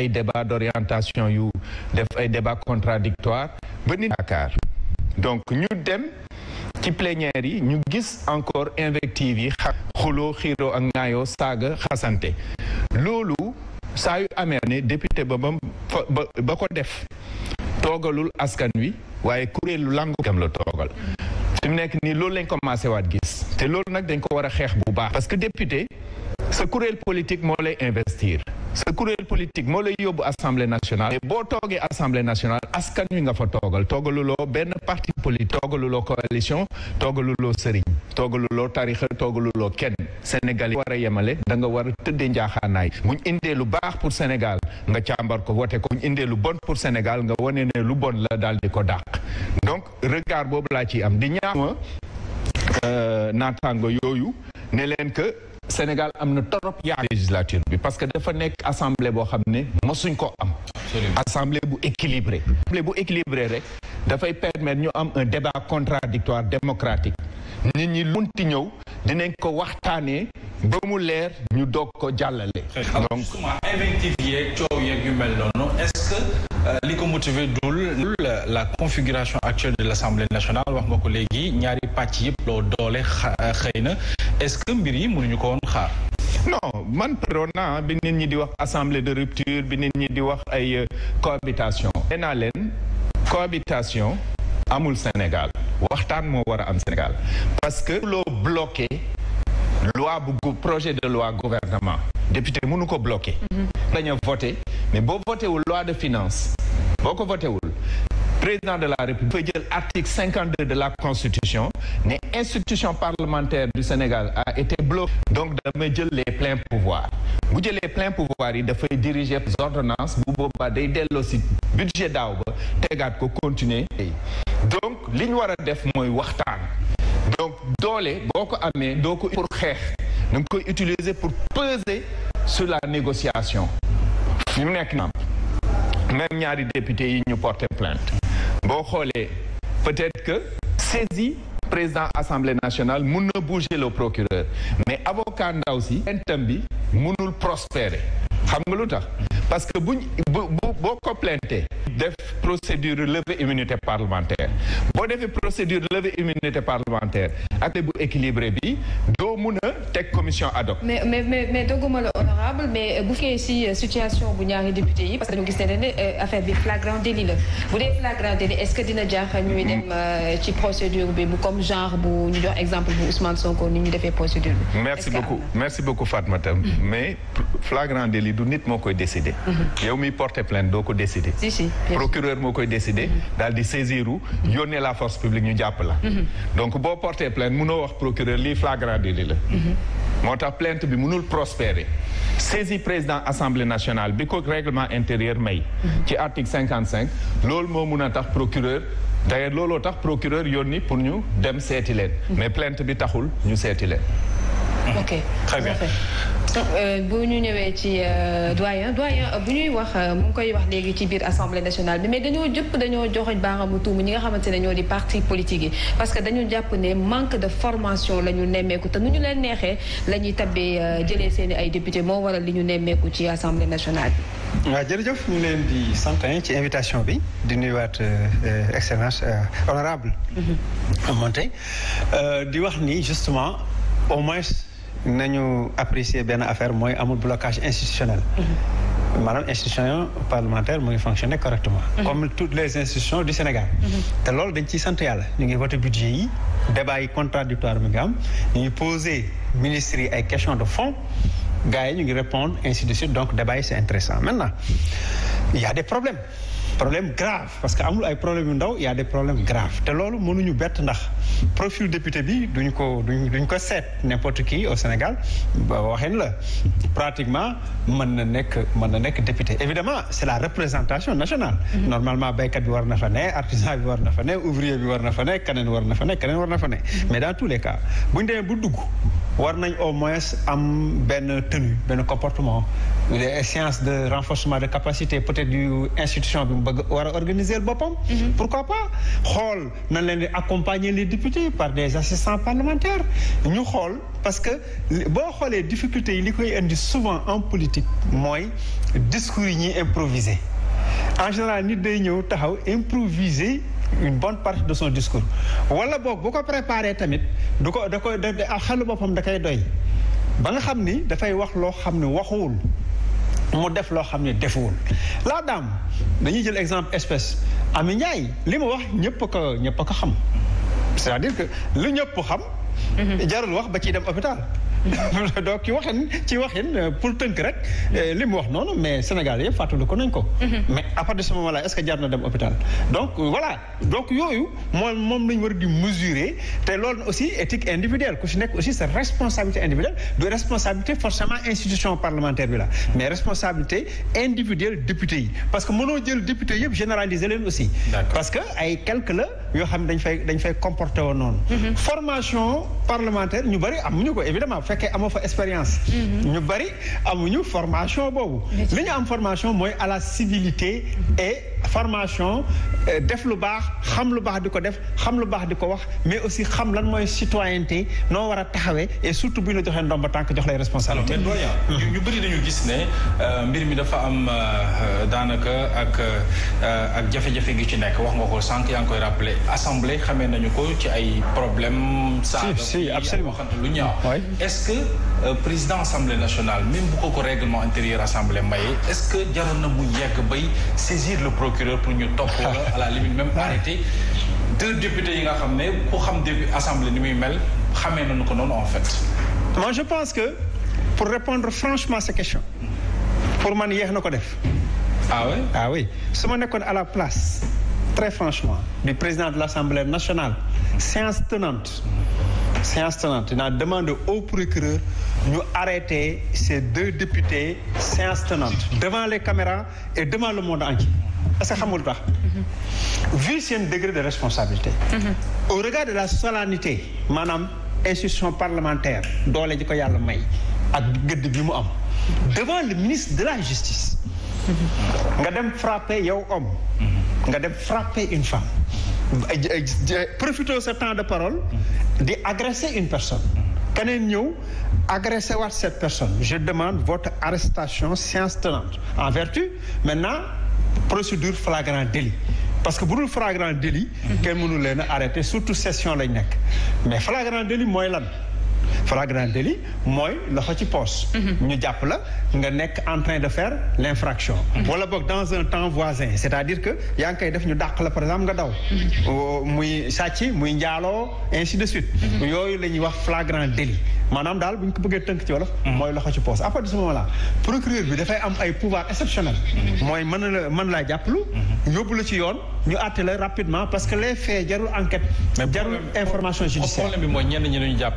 ay débat d'orientation yu def ay débat contradictoire ba nit Dakar donc ñu dem ci plénière yi ñu gis encore invective yi xa xuloo xiiroo ak ngaayoo saaga xasante loolu saa yu amee ne député ba ba ba ko def toogalul askan wi waaye kuréelu langukam la toogal fi mu nekk nii loolu lañ commencé waat gis te loolu nag dañ ko war a xeex bu baax parce que député sa kuréel politique moo lay investir sa kuréel politique moo lay yóbbu assemblée nationale mais boo toogee assemblée nationale askan wi nga fa toogal toogaluloo benn parti politique toogaluloo coalition toogaluloo sëriñ toogaluloo tarixa toogaluloo kenn Sénégal yi war a yemale danga nga war a tëddee njaaxaanaay buñ indee lu baax pour Sénégal nga càmbar ko wote ko buñ indee lu bon pour Sénégal nga wane ne lu bon la daal di ko dàq donc regard boobu laa ciy am di ñaama euh, naataango yooyu ne leen Sénégal am na torop yaa législature bi parce que dafa nekk assemblée boo xam ne mosuñ ko am assemblée bu équilibré assemblée bu équilibré rek dafay permettre ñu am un débat contradictoire démocratique nit ñi lunti ñëw dinañ ko waxtaanee ba mu leer ñu doog ko jàllale donc coow yeeg yu mel noonu est Euh, li ko motivé dul la configuration actuelle de l'Assemblée nationale wax nga ko léegi ñaari pàcc yëpp loo doole euh, xëy na est-ce que mbir yi mënuñu ko woon xaar non man pardon naa bi nit ñi di wax assemblée de rupture bi nit ñi di wax ay euh, cohabitation nee naa leen cohabitation amul Sénégal waxtaan moo war a am Sénégal parce que loo bloqué loi bu projet de loi gouvernement député mënu ko bloqué mm-hmm. dañu voté mais boo votewul loi de finance boo ko votewul président de la république fay jël article 52 de la constitution ne institution parlementaire du Sénégal a été bloquée donc damay jël les pleins pouvoirs bu jëlee plein pouvoir yi dafay diriger ordonnance bu boobaa day delloo si budget daaw ba tegaat ko continuer donc li ñu war a def mooy waxtaan donc doole boo ko amee doo ko pour xeex da nga utiliser pour peser su la négociation ñu nekk naam même ñaari député yi ñu porté plainte boo xoolee peut-être que saisi président assemblée nationale mun na bouger le procureur mais avocat ndaw si plaintam bi mënul prospérer xam nga lu tax parce que buñ bu boo ko plainté def procédure levée immunité parlementaire boo defee procédure levée immunité parlementaire ak bu équilibré bi doo mun a teg commission ad hoc. mais mais la honorable mais bu fekkee si euh, situation bu ñaari député yi parce que dañu gis ne ne euh, affaire bi flagrant délit la bu dee flagrant délit est-ce que dina jaax ñuy dem euh, ci procédure bi bu comme genre bu ñu jox exemple bu Ousmane Sonko ni ñu defee procédure bi. merci beaucoup merci mm-hmm. mais flagrant délit du nit moo koy décider. Mm-hmm. yow miy porter plainte doo ko décider. si si procureur moo koy décider. Mm-hmm. daal di saisiru la force publique ñu la. nag mënoo wax procureur lii flagrant délit la mhm. moo tax plainte bi mënul prospérer saisi président assemblée nationale bi ko règlement intérieur may mhm. ci article cinquante cinq loolu moo mun a tax procureur d'ailleurs looloo tax procureur yónni pour ñu dem seeti leen mhm. mais plainte bi taxul ñu seeti leen très bien Euh, bu ñu ñëwee ci euh, doyen doyen euh, bu ñuy wax mu ngi koy wax léegi ci biir assemblée nationale bi mais dañoo jëpp dañoo joxoñ baaraamu tuuma ñi nga xamante ne ñoo di parti politique yi parce que dañu jàpp ne manque de formation la ñu nemmeeku te nu ñu leen neexee la ñuy tabbee jëlee seen ay député moo waral li ñu nemmeeku ci assemblée nationale bi. waaw jërëjëf ñu leen di sant ci invitation bi di nuyuwaat excellence honorable mm-hmm. Montey di wax ni justement au moins. nañu apprécier benn affaire mooy amul blocage institutionnel. Mhm. maanaam institution parlementaire mu ngi fonctionner correctement. Mhm. comme toutes les institutions du Sénégal. Mhm. te loolu dañ ciy sant yàlla ñu ngi voté budget yi débat yi contradictoire mi nga am ñu ngi posé ministres yi ay questions de fond gars yi ñu ngi répondre ainsi de suite donc débat c'est intéressant maintenant il y a des problèmes. problème grave parce que amul ay problème yu ndaw y a des problèmes graves te loolu mënuñu bett ndax profil député bi duñ ko duñ duñ ko seet n'importe qui au Sénégal ba la pratiquement mën na nekk mën na nekk député évidemment c'est la représentation nationale mhm. normalement baykat bi war na fa ne artisan bi war na fa ne ouvrier bi war na fa ne keneen war na fa ne keneen war na fa ne mhm. mais dans tous les cas buñ demee bu dugg war nañ au moins am benn tenue benn comportement des de renforcement de capacité peut-être yu institution bi mu bëgg war a organiser boppam mhm. pourquoi pa xool nan leen di accompagner les députés par des assistants parlementaires ñu xool parce que boo xoolee difficultés yi li koy indi souvent en politique mooy discours yi ñuy improviser en général nit day ñëw taxaw improviser une bonne partie de son discours wala boog bu ko préparé tamit du ko da koy da xelu boppam da koy doy ba nga xam ni dafay wax loo xam ni waxuwul mu def loo xam ne defuwul laa dame dañuy jël exemple espèce Ami Ndiaye li mu wax ñëpp ko ñëpp ko xam c'est-à-dire que lu ñëpp xam mhm. jarul wax ba ciy dem hôpital donc ci waxin ci waxin euh, pour tënk rek euh, li mu wax noonu mais Sénégal yëpp ko nañ ko. Mhm. mais à partir de ce moment est ce dem hôpital. donc euh, voilà donc yooyu moom moom lañ war di mesurer te loolu aussi éthique individuelle ku si nekk aussi sa responsabilité individuelle du responsabilité forcément institution parlementaire bi la mais responsabilité individuelle député yi parce que mënoo jël député yëpp généraliser leen aussi. parce que ay quelque la. yoo xam ne dañ fay dañ fay comporté woon noonu. Mm-hmm. formation parlementaire ñu bëri amuñu ko évidemment bu fekkee amoo fa expérience. Mm-hmm. ñu bëri amuñu formation boobu. li ñu am formation mooy à la civilité et. formation euh, def lu baax xam lu baax di ko def xam lu baax di ko wax mais aussi xam lan mooy citoyenneté noo war a taxawee et surtout bu ñu la joxee ndomba tànk jox lay responsabilité. alors mais doyen ñu bëri dañu gis ne euh, mbir mi dafa am euh, daanaka ak ak jafe gi ci nekk wax nga ko sànq yaa ngi koy rappelé assemblée xamee nañu ko ci ay problème saa si absolument lu ñaaw est-ce que président assemblée nationale mi bu ko ko règlement intérieur assemblée maye est-ce que jaroon na mu yegg bay saisir le procureur pour ñu topp wala à la limite même arrêté deux députés yi nga xam ne ku xam début assemblée ni muy mel na nu ko noonu en moi je pense que pour répondre franchement à ces questions pour man yéex na ko def. ah, ah su ma nekkoon à la place très franchement du président de l'Assemblée nationale séance tenante. séance tenante dinaa demandé au procureur ñu arrêter ces deux députés séance tenante devant les caméras et devant le monde entier. parce que xam nga lu tax vu seen degré de responsabilité au regard de la solennité maanaam institution parlementaire doole ji ko yàlla may ak gëdd bi mu am devant le ministre de la justice nga dem frapper yow homme nga dem frapper une femme profitoo sa temps de parole di agresser une personne keneen ñëw agressé waat cette personne je demande votre arrestation séance tenante en vertu maintenant procédure flagrant délit parce que bu dul flagrant délit kenn mënul leen a arrêté surtout session lañ nekk mais flagrant délit mooy lan flagrant délit mooy loxo ci poche. Mhm. ñu jàpp la nga nekk en train de faire l' infraction. Mhm. wala boog dans un temps voisin c' est à dire que yaa ngi koy def ñu dàq la par exemple nga daw. Mhm. muy sàcc muy njaaloo ainsi de suite. yooyu la ñuy wax flagrant délit maanaam daal bu ñu ko bëggee tënk ci wolof. mooy loxo ci poche à partir de ce moment là procureur bi dafay am ay pouvoir exceptionnel. mooy mën la mën laa jàppalu. yóbbu la ci yoon ñu àtte la rapidement parce que les faits jarul enquête. jarul information judiciaire mais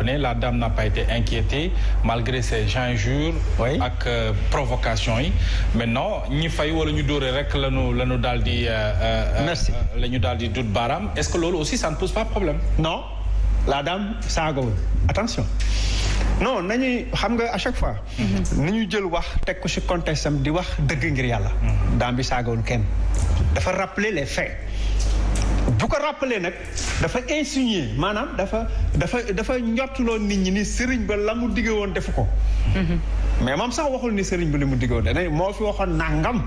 problème n'a pas été inquiété malgré ces injures ak euh, provocation yi maintenant ñi fay walla ñu dóore rek la ñu la ñu daal di euh, euh, merci la ñu daal di dut baaraam est-ce que loolu aussi ça ne pose pas problème non la dame saagawul attention non nañuy xam nga à chaque fois mhm. nañu jël wax teg ko ci contexte di wax dëgg ngir yàlla mhm. dame bi saagawul kenn dafa rappeler les faits bu ko rappelé nag dafa insinué maanaam dafa dafa dafa njottuloon nit ñi ni sëriñ ba la mu diggee woon defu ko. Mhm. mais moom sax waxul ni sëriñ bi li mu diggee woon danañ moo fi waxoon nangam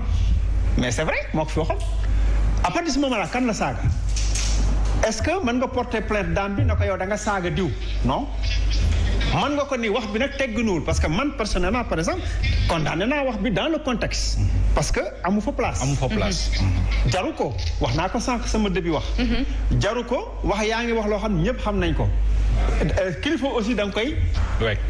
mais c'est vrai moo ko fi waxoon. à partir de ce kan la saaga est-ce que mën nga porté plainte daan bi na ko yow da nga saaga diw non. man nga ko ni wax bi nag wul parce que man personnellement par exemple condamné naa wax bi dans le contexte. Mm-hmm. parce que amu fa place. amu fa place. Mm-hmm. Mm-hmm. jaru ko wax naa ko sànq sama début wax. jaru ko wax yaa ngi wax loo xam ñëpp xam nañ ko. Euh, kilifa aussi da nga koy.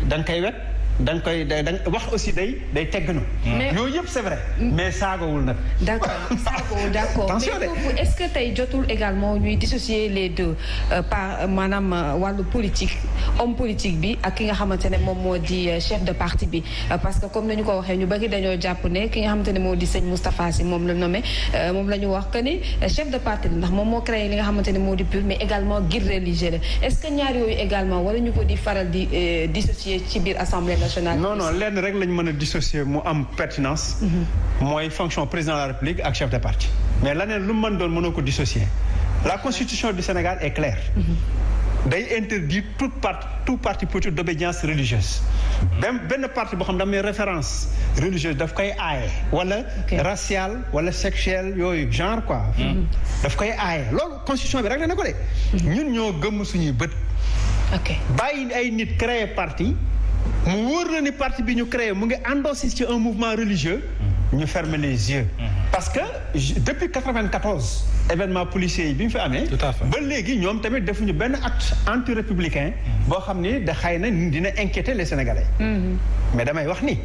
da nga koy wet. da nga koy da wax aussi day day teggnu. mais yooyu yëpp c'est vrai. Mm. mais saagawul nag. d'accord saagawul d'accord mais foofu est-ce que tey jotul également ñuy dissocier les deux euh, par euh, maanaam euh, wàllu politique homme politique bi ak ki nga xamante ne moom moo di chef de parti bi. parce que comme nañu ko waxee ñu bëri dañoo jàpp ne ki nga xamante ne moo di sëñ Moustapha moom la nommé la ñu wax que ni chef parti ndax moom moo créé li nga xamante ne moo di PUR mais également guide religieux la est ñu ko di faral di dissocier ci biir assemblée nationale. non lenn rek lañ mën a dissocier mu am pertinence. Mhm. mooy fonction président de la république ak chef de parti. mais leneen lu mu mën doon mënoo ko dissocier la constitution du Sénégal est claire. Mhm. day interdire toute parti tout parti politique d'obédience religieuse même benn parti boo xam damay référence religieuse daf koy aaye wala racial wala sexuel yooyu genre quoi mhm. daf koy aaye loolu constitution bi rek la ne ko de ñun ñoo gëmm suñuy bët bàyyi ay nit créer parti mu wóor na ni parti bi ñu créé mu ngi endossé ci un mouvement religieux ñu fermer les yeux parce que depuis 94 événement policier yi bi ñu fi amee ba léegi ñoom tamit defuñu benn at anti républicain boo xam ni da xay na dina inquiéter les sénégalais mm-hmm. mais damay wax ni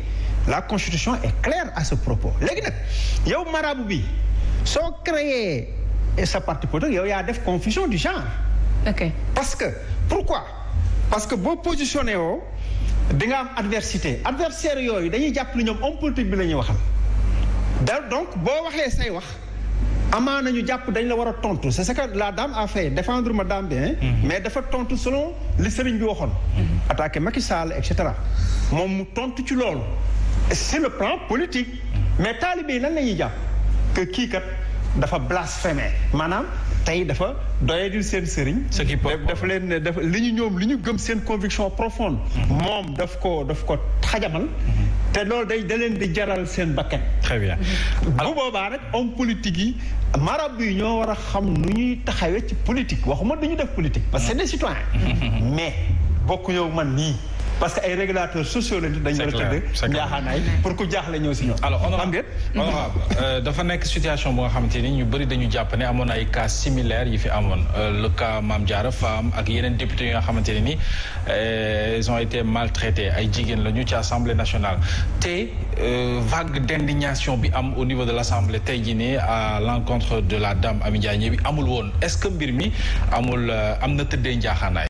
la constitution est claire à ce propos léegi nag yow marabu bi soo créé sa parti politique yow yaa def confusion du genre ok parce que pourquoi parce que boo positionné woo di nga am adversité adversaire yooyu dañuy jàpp ni ñoom homme politique bi la ñuy waxal da donc boo waxee say wax amaa nañu jàpp dañ la war a tontu c'est ce que la dame a fait ma dame bi mm-hmm. mais dafa tontu solo li sëriñ bi waxoon mm-hmm. attaqué Macky Sall et cetera moom mu tontu ci loolu c'est le plan politique mm-hmm. mais taalibe yi lan la ñuy jàpp que kii kat dafa blasphémé maanaam tey dafa doyadil seen sëriñ. ce qui daf leen daf li ñu ñoom li ñu gëm seen conviction profonde. moom daf ko daf ko xajamal. te loolu day da leen di jaral seen bakkan. xew bien bu boobaa rek homme politique yi marabu yi ñoo war a xam nu ñuy taxawee ci politique waxuma du ñu def politique. parce que c'est des citoyens. bokk mm-hmm. bokkuñoo man nii. parce que ay réglateur sociaux lañu dañu war a tëdd njaaxaanaay pour ku jaaxle ñëw si ñoom alors honorable euh, dafa nekk situation boo nga xamante ni ñu bëri dañu jàpp ne amoon ay cas similaires yi fi amoon euh, le cas Mame Diarra Fam ak yeneen députés yi nga xamante ne ni euh, ils ont été maltraités ay jigéen lañu ci assemblée nationale te vague d'indignation bi am au niveau de l'assemblée tey jii nii à l'encontre de la dame Amy Ndiaye bi amul woon est-ce que mbir mi amul am na tëddee njaaxaanaay